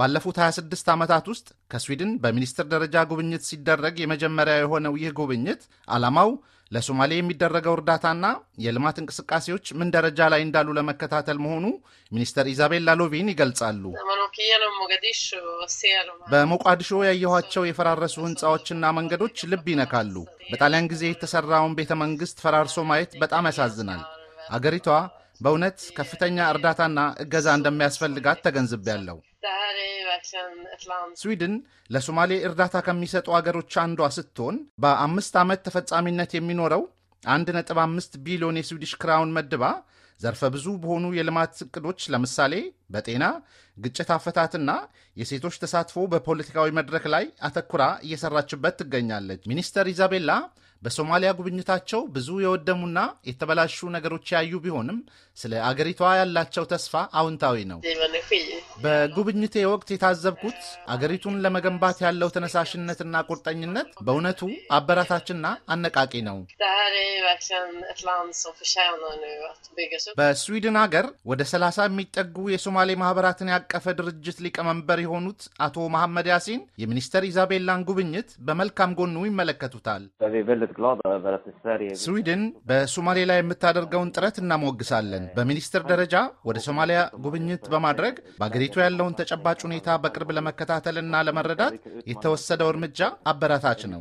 ባለፉት 26 ዓመታት ውስጥ ከስዊድን በሚኒስትር ደረጃ ጉብኝት ሲደረግ የመጀመሪያ የሆነው ይህ ጉብኝት ዓላማው ለሶማሌ የሚደረገው እርዳታና የልማት እንቅስቃሴዎች ምን ደረጃ ላይ እንዳሉ ለመከታተል መሆኑ ሚኒስተር ኢዛቤላ ሎቪን ይገልጻሉ። በሞቃዲሾ ያየኋቸው የፈራረሱ ህንፃዎችና መንገዶች ልብ ይነካሉ። በጣሊያን ጊዜ የተሰራውን ቤተ መንግስት ፈራርሶ ማየት በጣም ያሳዝናል። አገሪቷ በእውነት ከፍተኛ እርዳታና እገዛ እንደሚያስፈልጋት ተገንዝቤያለሁ። ስዊድን ለሶማሌ እርዳታ ከሚሰጡ አገሮች አንዷ ስትሆን በአምስት ዓመት ተፈጻሚነት የሚኖረው 1.5 ቢሊዮን የስዊድሽ ክራውን መድባ ዘርፈ ብዙ በሆኑ የልማት እቅዶች ለምሳሌ በጤና፣ ግጭት አፈታትና የሴቶች ተሳትፎ በፖለቲካዊ መድረክ ላይ አተኩራ እየሰራችበት ትገኛለች። ሚኒስተር ኢዛቤላ በሶማሊያ ጉብኝታቸው ብዙ የወደሙና የተበላሹ ነገሮች ያዩ ቢሆንም ስለ አገሪቷ ያላቸው ተስፋ አዎንታዊ ነው። በጉብኝቴ ወቅት የታዘብኩት አገሪቱን ለመገንባት ያለው ተነሳሽነትና ቁርጠኝነት በእውነቱ አበረታችና አነቃቂ ነው። በስዊድን ሀገር ወደ 30 የሚጠጉ የሶማሌ ማህበራትን ያቀፈ ድርጅት ሊቀመንበር የሆኑት አቶ መሐመድ ያሲን የሚኒስተር ኢዛቤላን ጉብኝት በመልካም ጎኑ ይመለከቱታል። ስዊድን በሶማሌ ላይ የምታደርገውን ጥረት እናሞግሳለን። በሚኒስትር ደረጃ ወደ ሶማሊያ ጉብኝት በማድረግ በሀገሪቱ ያለውን ተጨባጭ ሁኔታ በቅርብ ለመከታተልና ለመረዳት የተወሰደው እርምጃ አበረታች ነው።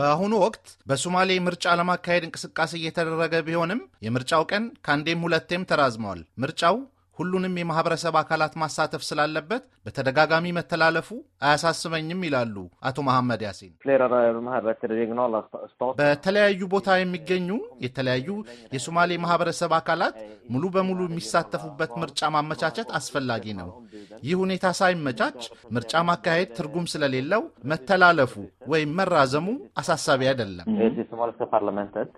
በአሁኑ ወቅት በሶማሌ ምርጫ ለማካሄድ እንቅስቃሴ እየተደረገ ቢሆንም የምርጫው ቀን ከአንዴም ሁለቴም ተራዝመዋል። ምርጫው ሁሉንም የማህበረሰብ አካላት ማሳተፍ ስላለበት በተደጋጋሚ መተላለፉ አያሳስበኝም ይላሉ አቶ መሐመድ ያሲን። በተለያዩ ቦታ የሚገኙ የተለያዩ የሶማሌ ማህበረሰብ አካላት ሙሉ በሙሉ የሚሳተፉበት ምርጫ ማመቻቸት አስፈላጊ ነው። ይህ ሁኔታ ሳይመቻች ምርጫ ማካሄድ ትርጉም ስለሌለው መተላለፉ ወይም መራዘሙ አሳሳቢ አይደለም።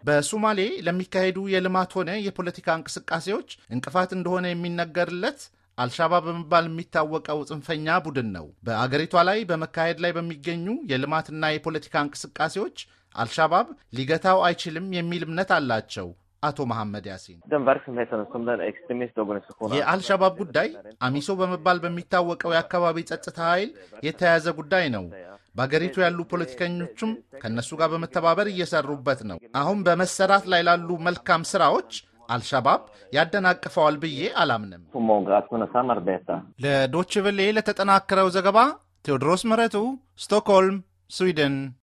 በሶማሌ ለሚካሄዱ የልማት ሆነ የፖለቲካ እንቅስቃሴዎች እንቅፋት እንደሆነ የሚነገርለት አልሻባብ በመባል የሚታወቀው ጽንፈኛ ቡድን ነው። በአገሪቷ ላይ በመካሄድ ላይ በሚገኙ የልማትና የፖለቲካ እንቅስቃሴዎች አልሻባብ ሊገታው አይችልም የሚል እምነት አላቸው አቶ መሐመድ ያሲን። የአልሻባብ ጉዳይ አሚሶ በመባል በሚታወቀው የአካባቢ ጸጥታ ኃይል የተያያዘ ጉዳይ ነው። በአገሪቱ ያሉ ፖለቲከኞችም ከእነሱ ጋር በመተባበር እየሰሩበት ነው። አሁን በመሰራት ላይ ላሉ መልካም ስራዎች አልሻባብ ያደናቅፈዋል ብዬ አላምንም። ለዶችቭሌ ለተጠናከረው ዘገባ ቴዎድሮስ ምረቱ ስቶክሆልም፣ ስዊድን